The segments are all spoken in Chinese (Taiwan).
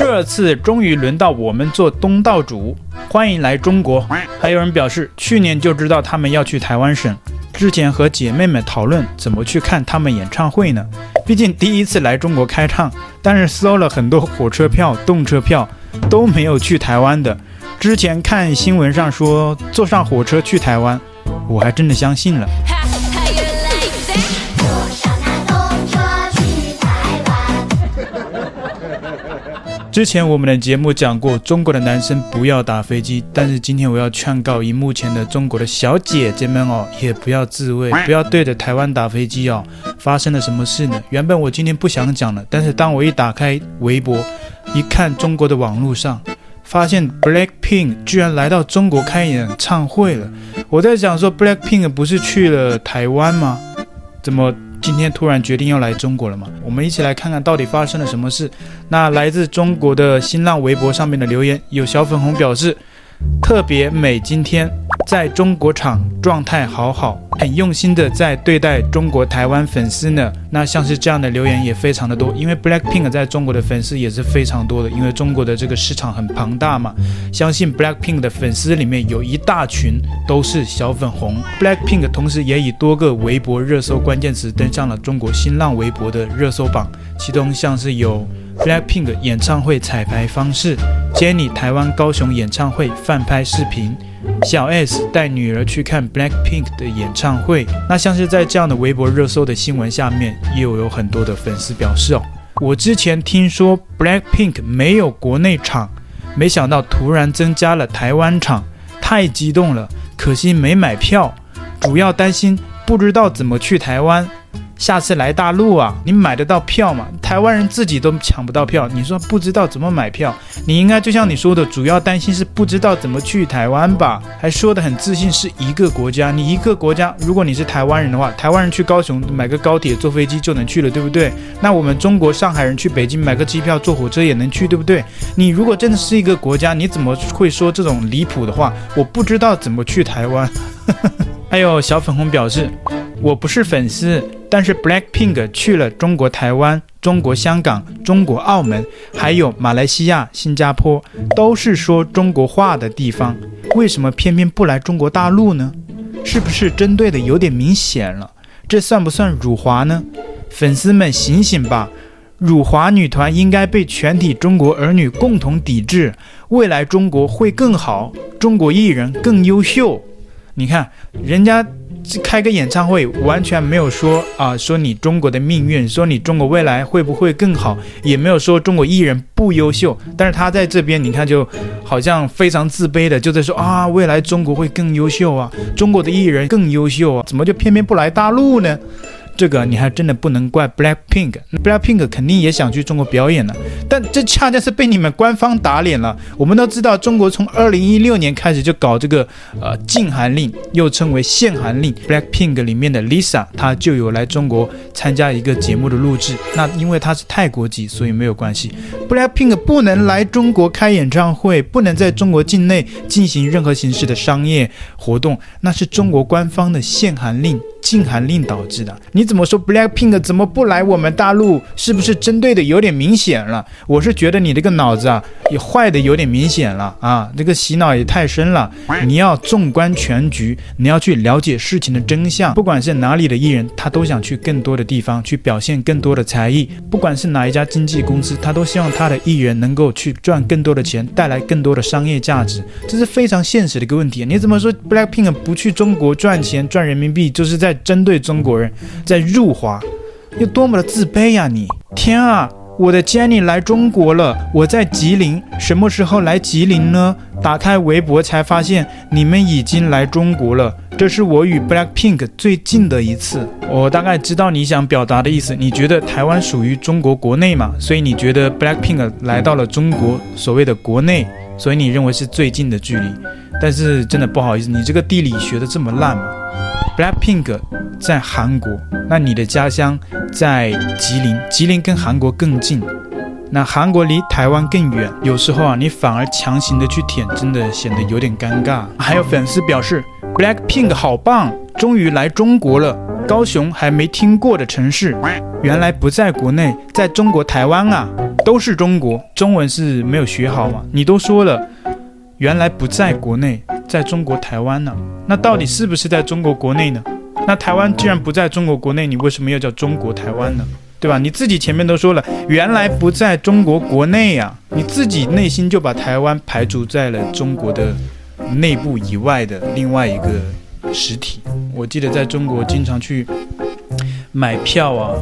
這次終於輪到我們做東道主，歡迎來中國。還有人表示，去年就知道他們要去台灣省，之前和姐妹們討論怎麼去看他們演唱會呢。畢竟第一次來中國開唱，但是搜了很多火車票、動車票，都沒有去台灣的。之前看新聞上說坐上火車去台灣，我還真的相信了。之前我們的節目講過，中國的男生不要打飛機，但是今天我要勸告熒幕前的中國的小姐姐們哦，也不要自慰，不要對着台灣打飛機哦。發生了什麼事呢？原本我今天不想講了，但是當我一打開微博，一看中國的網絡上，發現 BLACKPINK 居然來到中國開演唱會了。我在想說，BLACKPINK 不是去了台灣嗎？怎麼？今天突然決定要來中國了嘛？我們一起來看看到底發生了什麼事。那來自中國的新浪微博上面的留言，有小粉紅表示。特別美，今天在中國場狀態好好，很用心的在對待中國台灣粉絲呢。那像是這樣的留言也非常的多，因為 Blackpink 在中國的粉絲也是非常多的，因為中國的這個市場很龐大嘛。相信 Blackpink 的粉絲裡面有一大群都是小粉紅。Blackpink 同時也以多個微博熱搜關鍵詞登上了中國新浪微博的熱搜榜，其中像是有 Blackpink 演唱會彩排方式。Jennie 台灣高雄演唱會飯拍視頻，小 S 帶女兒去看 BLACKPINK 的演唱會。那像是在這樣的微博熱搜的新聞下面，又有，有很多的粉絲表示哦，我之前聽說 BLACKPINK 沒有國內場，沒想到突然增加了台灣場，太激動了。可惜沒買票，主要擔心不知道怎麼去台灣。下次來大陸啊，你買得到票嗎？台灣人自己都搶不到票，你說不知道怎麼買票，你應該就像你說的，主要擔心是不知道怎麼去台灣吧？還說的很自信是一個國家，你一個國家，如果你是台灣人的話，台灣人去高雄買個高鐵，坐飛機就能去了，對不對？那我們中國上海人去北京買個機票，坐火車也能去，對不對？你如果真的是一個國家，你怎麼會說這種離譜的話？我不知道怎麼去台灣。 還有小粉紅表示，我不是粉絲。但是 BLACKPINK 去了中國台灣、中國香港、中國澳門，還有馬來西亞、新加坡，都是說中國話的地方，為什麼偏偏不來中國大陸呢？是不是針對的有點明顯了？這算不算辱華呢？粉絲們醒醒吧！辱華女團應該被全體中國兒女共同抵制。未來中國會更好，中國藝人更優秀。你看人家。開個演唱會，完全沒有說啊，說你中國的命運，說你中國未來會不會更好，也沒有說中國藝人不優秀。但是他在這邊，你看，就好像非常自卑的就在說啊，未來中國會更優秀啊，中國的藝人更優秀啊，怎麼就偏偏不來大陸呢？這個你還真的不能怪 BLACKPINK，BLACKPINK 肯定也想去中國表演了，但這恰恰是被你們官方打臉了。我們都知道，中國從二零一六年開始就搞這個呃禁韓令，又稱為限韓令。BLACKPINK 裡面的 Lisa，她就有來中國參加一個節目的錄制，那因為她是泰國籍，所以沒有關係。BLACKPINK 不能來中國開演唱會，不能在中國境內進行任何形式的商業活動，那是中國官方的限韓令。禁韓令導致的，你怎麼說 BLACKPINK 怎麼不來我們大陸？是不是針對的有點明顯了？我是覺得你這個腦子啊，也壞的有點明顯了啊！這個洗腦也太深了。你要縱觀全局，你要去了解事情的真相。不管是哪裡的藝人，他都想去更多的地方去表現更多的才藝。不管是哪一家經紀公司，他都希望他的藝人能夠去賺更多的錢，帶來更多的商業價值。這是非常現實的一個問題。你怎麼說 BLACKPINK 不去中國賺錢賺人民幣，就是在？在針對中國人，在入華，有多麼的自卑呀你！你天啊，我的 Jennie 來中國了，我在吉林，什麼時候來吉林呢？打開微博才發現你們已經來中國了，這是我與 BLACKPINK 最近的一次。我大概知道你想表達的意思，你覺得台灣屬於中國國內嘛？所以你覺得 BLACKPINK 來到了中國所謂的國內，所以你認為是最近的距離。但是真的不好意思，你這個地理學的這麼爛嗎？BLACKPINK 在韓國，那你的家鄉在吉林，吉林跟韓國更近，那韓國離台灣更遠。有時候啊，你反而強行的去舔，真的顯得有點尷尬。還有粉絲表示，BLACKPINK 好棒，終於來中國了。高雄還沒聽過的城市，原來不在國內，在中國台灣啊，都是中國，中文是沒有學好嗎？你都說了，原來不在國內。在中國台灣呢？那到底是不是在中國國內呢？那台灣既然不在中國國內，你為什麼要叫中國台灣呢？對吧？你自己前面都說了，原來不在中國國內啊，你自己內心就把台灣排除在了中國的內部以外的另外一個實體。我記得在中國經常去買票啊，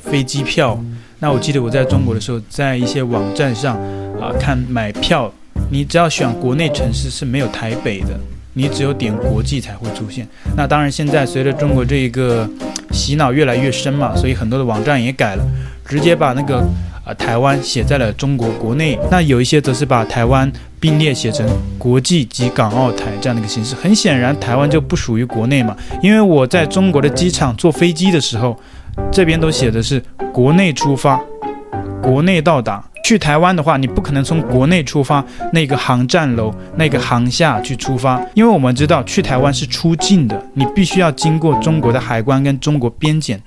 飛機票。那我記得我在中國的時候，在一些網站上啊，看買票。你只要選國內城市是沒有台北的，你只有點國際才會出現。那當然，現在隨着中國這一個洗腦越來越深嘛，所以很多的網站也改了，直接把那個呃台灣寫在了中國國內。那有一些則是把台灣並列寫成國際及港澳台這樣的一個形式。很顯然，台灣就不屬於國內嘛，因為我在中國的機場坐飛機的時候，這邊都寫的是國內出發，國內到達。去台灣的話，你不可能從國內出發，那個航站樓、那個航下去出發，因為我們知道去台灣是出境的，你必須要經過中國的海關跟中國邊檢。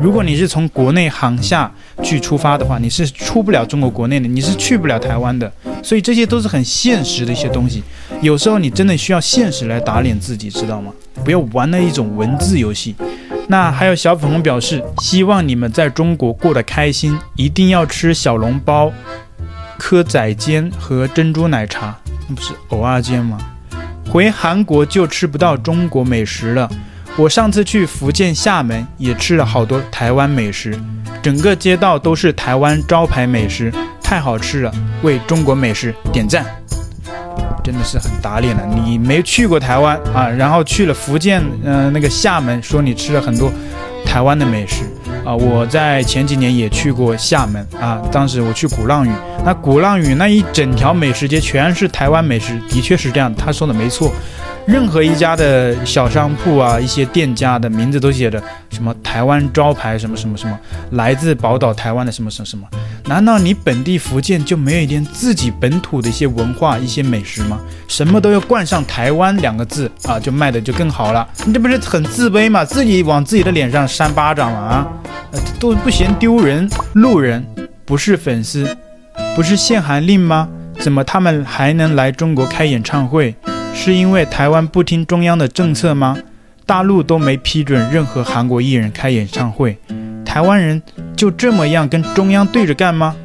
如果你是從國內航下去出發的話，你是出不了中國國內的，你是去不了台灣的。所以這些都是很現實的一些東西，有時候你真的需要現實來打臉自己，知道嗎？不要玩那一種文字遊戲。那還有小粉紅表示，希望你們在中國過得開心，一定要吃小籠包、蚵仔煎和珍珠奶茶。那不是蚵仔煎嗎？回韓國就吃不到中國美食了。我上次去福建廈門也吃了好多台灣美食，整個街道都是台灣招牌美食，太好吃了！為中國美食點讚。真的是很打臉了，你沒去過台灣啊，然後去了福建，嗯，那個廈門，說你吃了很多。台灣的美食啊，呃，我在前幾年也去過廈門啊，當時我去鼓浪嶼，那鼓浪嶼那一整條美食街全是台灣美食，的確是這樣。他說的沒錯，任何一家的小商鋪啊，一些店家的名字都寫着什麼台灣招牌，什麼什麼什麼，來自寶島台灣的什麼什麼什麼。難道你本地福建就沒有一點自己本土的一些文化、一些美食嗎？什麼都要冠上台灣兩個字啊，就賣的就更好了。你這不是很自卑嗎？自己往自己的臉上。扇巴掌了啊，呃，都不嫌丟人。路人不是粉絲，不是限韓令嗎？怎麼他們還能來中國開演唱會？是因為台灣不聽中央的政策嗎？大陸都沒批准任何韓國藝人開演唱會，台灣人就這麼樣跟中央對着幹嗎？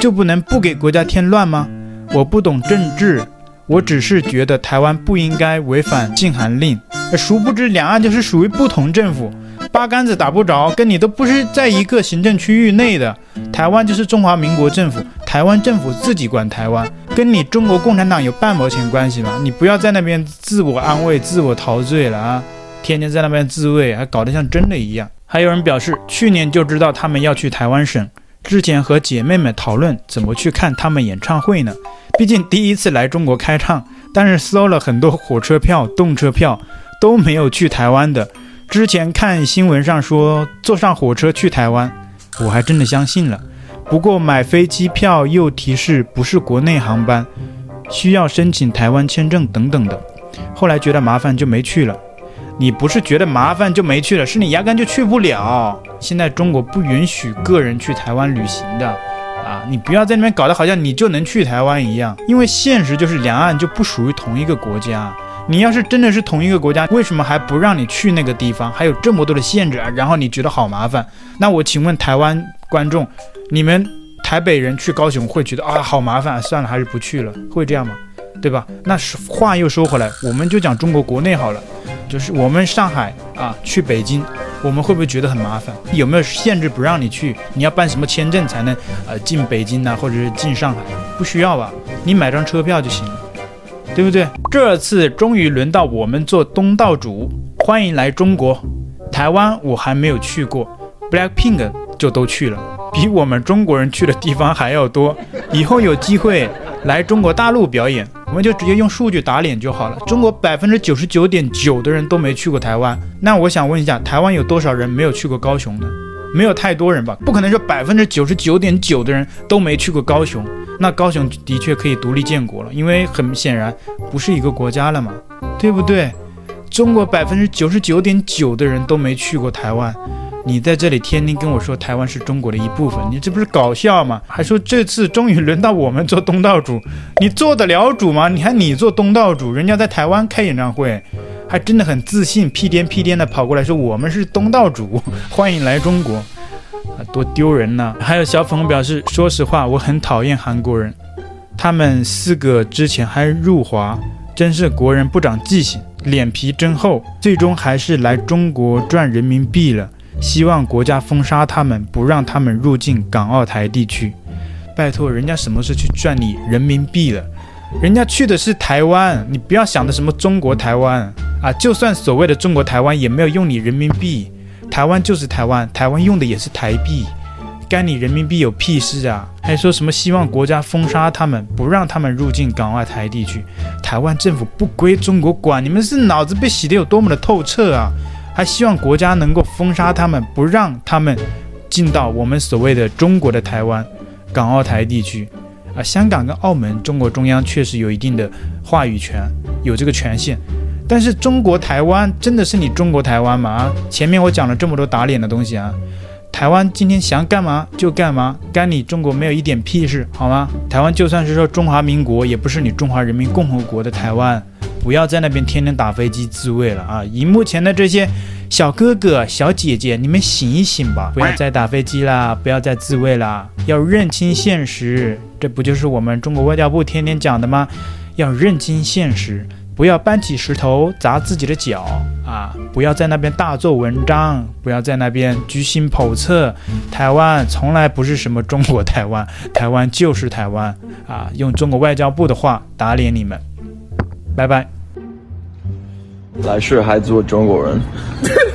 就不能不給國家添亂嗎？我不懂政治，我只是覺得台灣不應該違反禁韓令。呃，殊不知兩岸就是屬於不同政府。八竿子打不着，跟你都不是在一個行政區域內的。台灣就是中華民國政府，台灣政府自己管台灣，跟你中國共產黨有半毛錢關係嗎？你不要在那邊自我安慰、自我陶醉了啊！天天在那邊自慰，還搞得像真的一樣。還有人表示，去年就知道他們要去台灣省，之前和姐妹們討論怎麼去看他們演唱會呢？畢竟第一次來中國開唱，但是搜了很多火車票、動車票，都沒有去台灣的。之前看新聞上說坐上火車去台灣，我還真的相信了。不過買飛機票又提示不是國內航班，需要申請台灣簽證等等的。後來覺得麻煩就沒去了。你不是覺得麻煩就沒去了，是你壓根就去不了。現在中國不允許個人去台灣旅行的，啊，你不要在那邊搞得好像你就能去台灣一樣，因為現實就是兩岸就不屬於同一個國家。你要是真的是同一個國家，為什麼還不讓你去那個地方？還有這麼多的限制啊！然後你覺得好麻煩。那我請問台灣觀眾，你們台北人去高雄會覺得啊，哦，好麻煩，算了，還是不去了，會這樣嗎？對吧？那是話又說回來，我們就講中國國內好了，就是我們上海啊去北京，我們會不會覺得很麻煩？有沒有限制不讓你去？你要辦什麼簽證才能呃進北京呢，啊？或者是進上海？不需要吧，你買張車票就行了。對不對？這次終於輪到我們做東道主，歡迎來中國。台灣我還沒有去過，BLACKPINK 就都去了，比我們中國人去的地方還要多。以後有機會來中國大陸表演，我們就直接用數據打臉就好了。中國百分之九十九點九的人都沒去過台灣，那我想問一下，台灣有多少人沒有去過高雄呢？沒有太多人吧？不可能說百分之九十九點九的人都沒去過高雄。那高雄的確可以獨立建國了，因為很顯然不是一個國家了嘛，對不對？中國百分之九十九點九的人都沒去過台灣，你在這裡天天跟我說台灣是中國的一部分，你這不是搞笑嗎？還說這次終於輪到我們做東道主，你做得了主嗎？你看你做東道主，人家在台灣開演唱會，還真的很自信，屁顛屁顛地跑過來說我們是東道主，歡迎來中國。啊，多丟人呢、啊！還有小粉紅表示，說實話，我很討厭韓國人。他們四個之前還辱華，真是國人不長記性，臉皮真厚。最終還是來中國賺人民幣了。希望國家封殺他們，不讓他們入境港澳台地區。拜托，人家什麼時候去賺你人民幣了？人家去的是台灣，你不要想的什麼中國台灣啊。就算所謂的中國台灣，也沒有用你人民幣。台灣就是台灣，台灣用的也是台幣，干你人民幣有屁事啊！還說什麼希望國家封殺他們，不讓他們入境港澳台地區？台灣政府不歸中國管，你們是腦子被洗得有多麼的透徹啊！還希望國家能夠封殺他們，不讓他們進到我們所謂的中國的台灣、港澳台地區啊？香港跟澳門，中國中央確實有一定的話語權，有這個權限。但是中國台灣真的是你中國台灣嗎？前面我講了這麼多打臉的東西啊，台灣今天想幹嘛就幹嘛，干你中國沒有一點屁事，好嗎？台灣就算是說中華民國，也不是你中華人民共和國的台灣，不要在那邊天天打飛機自慰了啊！熒幕前的這些小哥哥小姐姐，你們醒一醒吧，不要再打飛機啦，不要再自慰啦，要認清現實，這不就是我們中國外交部天天講的嗎？要認清現實。不要搬起石頭砸自己的腳啊！不要在那邊大做文章，不要在那邊居心叵測。台灣從來不是什麼中國台灣，台灣就是台灣啊！用中國外交部的話打臉你們，拜拜。來世還做中國人。